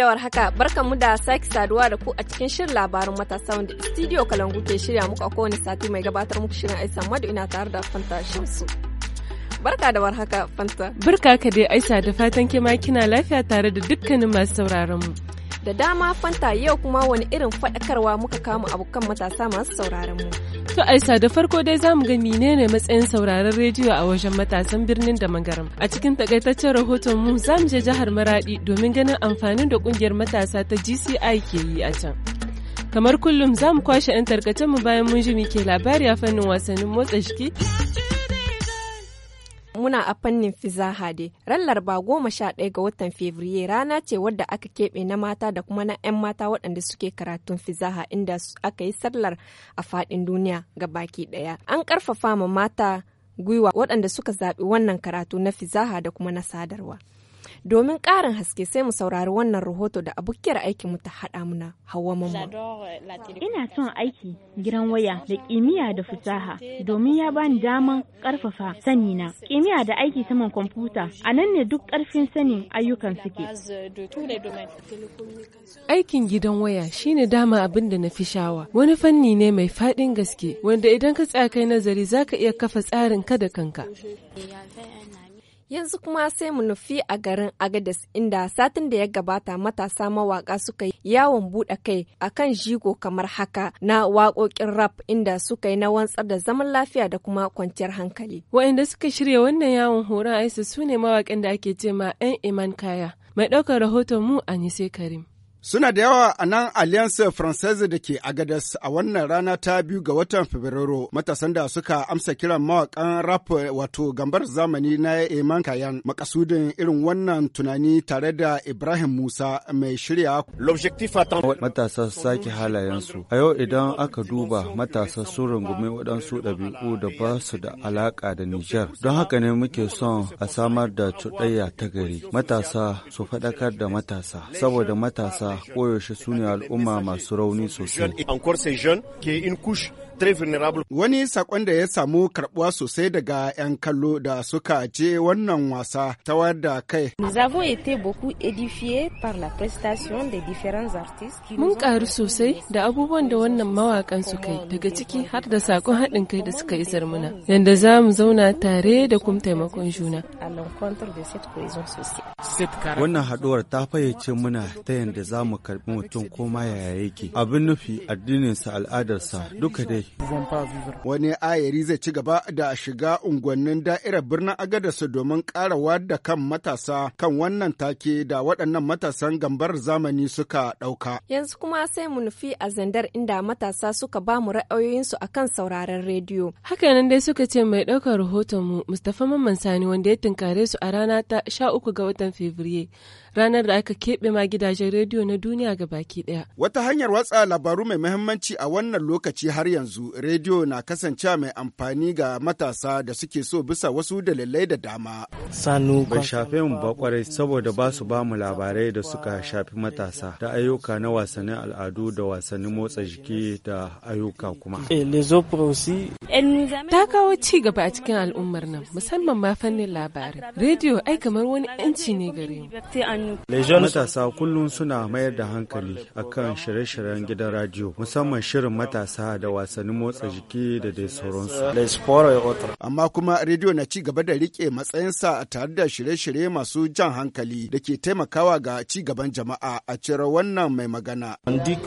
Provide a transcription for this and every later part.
da warhaka mu da sake saduwa da ku a cikin shirin labarin matasa wanda studio kalangu ke shirya muku a kowane sati mai gabatar muku shirin aisa madu ina tare da fanta shamsu barka da warhaka fanta barka ka dai aisa da fatan ke ma kina lafiya tare da dukkanin masu sauraron mu da dama fanta yau kuma wani irin faɗakarwa muka kama abokan matasa masu sauraron mu To Aisa da farko dai za mu ga menene matsayin sauraron rediyo a wajen matasan birnin da mangaram A cikin takaitaccen rahoton mu za mu je jihar Maradi domin ganin amfanin da kungiyar matasa ta GCI ke yi a can. Kamar kullum za mu kwashe 'yan tarkacen mu bayan mun ji muke labari a fannin wasannin motsa jiki. Muna a fannin fizaha dai. Ran ba goma sha ɗaya ga watan Fevriye rana ce wadda aka keɓe na mata da kuma na 'yan mata waɗanda suke karatun fizaha inda aka yi sallar a faɗin duniya ga baki ɗaya. An ƙarfafa ma mata gwiwa waɗanda suka zaɓi wannan karatu na fizaha da kuma na sadarwa. Domin ƙarin haske sai mu saurari wannan rahoto da abokiyar aikin mu ta haɗa muna Hauwa Mamman. Ina son aiki gidan waya da kimiyya da fasaha domin ya bani daman ƙarfafa sanina. Kimiyya da aiki saman kwamfuta a nan ne duk ƙarfin sanin ayyukan suke. Aikin gidan waya shine dama abin da na fi shawa. Wani fanni ne mai faɗin gaske wanda idan ka tsaya kai nazari zaka iya kafa tsarin ka da kanka. Yanzu kuma sai mu nufi a garin Agadez inda satin da ya gabata matasa mawaka suka yi yawon buɗe kai a kan jigo kamar haka na waƙoƙin rap inda suka yi na wantsar da zaman lafiya da kuma kwanciyar hankali. Waɗanda suka shirya wannan yawon horon aisa su ne mawakin da ake ce ma 'yan Iman Kaya. Mai ɗaukar rahoton mu Anise Karim. Suna da yawa a nan Alliance Française da ke gadas a wannan rana ta biyu ga watan Fabrairu matasan da suka amsa kiran mawakan rap wato gambar zamani na Eman Kayan makasudin irin wannan tunani tare da Ibrahim Musa mai shirya. Matasa sake halayensu. A yau idan aka duba matasa sun rungumi waɗansu ɗabi'u da ba su da alaƙa da Nijar. Don haka ne muke son a samar da cuɗayya ta gari. Matasa su faɗakar da matasa saboda matasa koyaushe su ne al'umma masu rauni sosai. Wani sakon da ya samu karbuwa sosai daga 'yan kallo da suka je wannan wasa ta da kai. Mun karu sosai da abubuwan da wannan mawakan suka yi daga ciki har da sakon haɗin kai da suka isar muna. Yanda za mu zauna tare da kuma taimakon juna. Wannan haɗuwar ta fayyace muna ta yanda za mu karɓi mutum ko ma yaya yake. Abin nufi addininsa al'adarsa duka dai Wani ayari zai ci gaba da shiga unguwannin da'irar birnin Agadarsu domin ƙara da kan matasa kan wannan take da waɗannan matasan gambar zamani suka ɗauka. Yanzu kuma sai mu nufi a zandar inda matasa suka ba mu ra'ayoyinsu a kan sauraren rediyo. Hakanan dai suka ce mai ɗaukar rahoton mu Mustapha Mamman Sani wanda ya tunkare su a rana ta 13 ga watan Fabrairu. ranar da aka keɓe ma gidajen rediyo na duniya ga baki ɗaya. Wata hanyar watsa labaru mai mahimmanci a wannan lokaci har yanzu rediyo na kasancewa mai amfani ga matasa da suke so bisa wasu dalilai da dama. Sanu bai shafe mu ba kwarai saboda ba su ba mu labarai da suka shafi matasa da ayyuka na wasannin al'adu da wasannin motsa jiki da ayyuka kuma. Ta kawo ci gaba a cikin al'ummar nan musamman ma fannin labarai. Rediyo ai kamar wani 'yanci ne gare mu. Matasa kullum suna mayar da hankali a kan shirye-shiryen gidan radiyo musamman shirin matasa da wasannin motsa jiki da dai sauransu. Amma kuma rediyo na ci gaba da rike matsayinsa tare da shirye-shirye masu jan hankali da ke taimakawa ga ci gaban jama'a a cire wannan mai magana.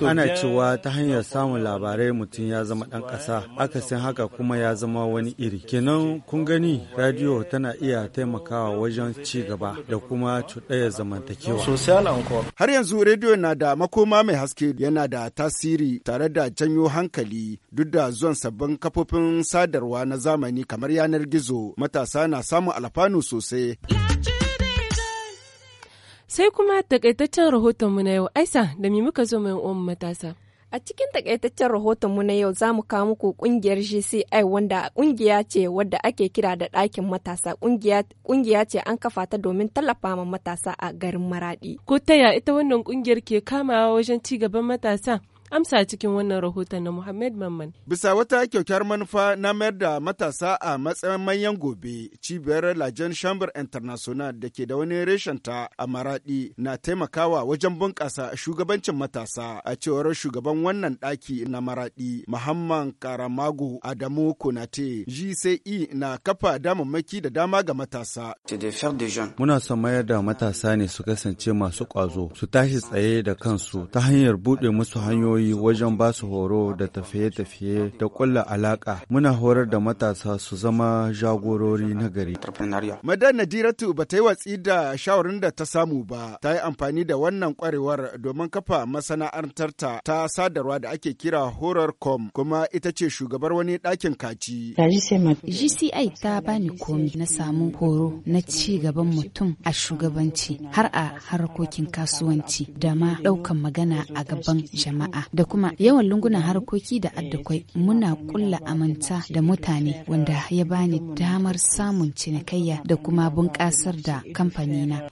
Ana cewa ta hanyar samun labarai mutum ya zama ɗan ƙasa, akasin haka kuma ya zama wani iri. Kenan kun gani radiyo tana iya taimakawa wajen ci gaba da kuma cuɗaya zaman zamantakewa. Social encore. Har yanzu rediyo na da makoma mai haske yana da tasiri tare da janyo hankali duk da zuwan sabbin kafofin sadarwa na zamani kamar yanar gizo matasa na samun alfanu sosai. Sai kuma takaitaccen rahotonmu na yau, Aisa, da mi muka zo mai matasa. A cikin takaitaccen mu na yau za mu kawo muku kungiyar GCI wanda kungiya ce wadda ake kira da ɗakin matasa kungiya ce an kafa ta domin tallafa ma matasa a garin Maradi. Ko taya ita wannan kungiyar ke kamawa wajen ci gaban matasa? amsa cikin wannan rahoton na Muhammad Mamman. Bisa wata kyaukyar manufa na mayar da matasa a matsayin manyan gobe, cibiyar Lajen Chamber International da ke da wani reshen ta a Maradi na taimakawa wajen bunƙasa shugabancin matasa a cewar shugaban wannan ɗaki na Maradi, Muhammad Karamago Adamu Konate, GCE na kafa damammaki da dama ga matasa. Muna son mayar da matasa ne su kasance masu ƙwazo, su tashi tsaye da kansu ta hanyar buɗe musu hanyoyi ƙungiyoyi wajen ba su horo da tafiye-tafiye da ƙulla alaƙa. Muna horar da matasa su zama jagorori na gari. Madan Nadiratu ba ta yi watsi da shawarin da ta samu ba, ta yi amfani da wannan kwarewar domin kafa masana'antarta ta sadarwa da ake kira Horar com, kuma ita ce shugabar wani ɗakin kaci. GCI ta bani komi na samun horo na ci gaban mutum a shugabanci har a harkokin kasuwanci da ma ɗaukan magana a gaban jama'a. da kuma yawan lungunan harkoki da addakwai muna kulla amanta da mutane wanda ya bani damar samun cinikayya da kuma bunƙasar da kamfanina.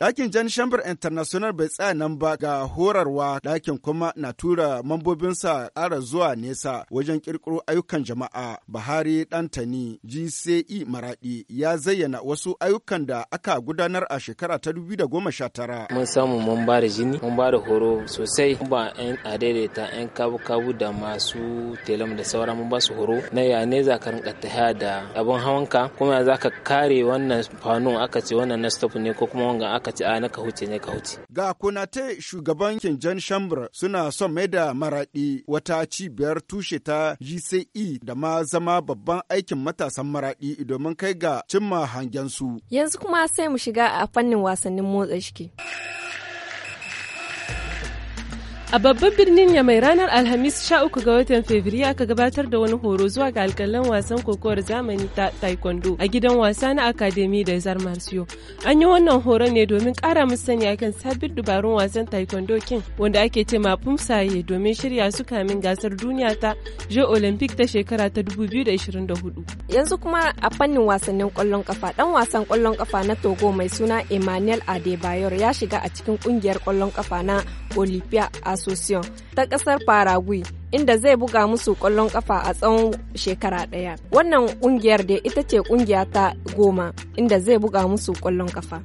Dakin Jan Shambar International bai tsaya nan ba ga horarwa dakin kuma na tura mambobinsa ƙara zuwa nesa wajen ƙirƙiro ayyukan jama'a. Buhari Dantani GCE maraɗi ya zayyana wasu ayyukan da aka gudanar a shekara ta 2019. Mun samu mun ba da jini, mun ba da horo sosai a daidaita 'yan kabu-kabu da masu telam da sauran mun ba su horo na ya ne za ka rinka da abin hawanka kuma za ka kare wannan fanon aka ce wannan na stop ne ko kuma wanga aka ce a na ka huce ne ka huce. Ga kunate shugaban jan Shambar suna son mai da maraɗi wata cibiyar tushe ta GCE da ma zama babban aikin matasan maraɗi domin kai ga cimma hangen su. Yanzu kuma sai mu shiga a fannin wasannin motsa jiki. A babban birnin ya mai ranar Alhamis 13 ga watan Fabrairu aka gabatar da wani horo zuwa ga alkalan wasan kokowar zamani ta Taekwondo a gidan wasa na akademi da Zar Marsiyo. An yi wannan horon ne domin kara musani sani akan sabbin dubarun wasan Taekwondo King wanda ake ce ma Pumsaye domin shirya su kamin gasar duniya ta Je Olympic ta shekara ta 2024. Yanzu kuma a fannin wasannin kwallon kafa dan wasan kwallon kafa na Togo mai suna Emmanuel Adebayor ya shiga a cikin ƙungiyar kwallon kafa na Olympia Association ta ƙasar Paraguay inda zai buga musu kwallon kafa a tsawon shekara ɗaya. Wannan ƙungiyar da ita ce ƙungiya ta goma inda zai buga musu kwallon kafa.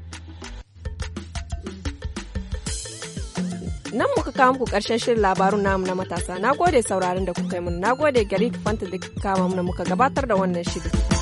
Nan muka kawo muku ƙarshen shirin labarun namu na matasa. Na gode sauraron da kuka yi mun. Na gode gari fanta da kama muka gabatar da wannan shirin.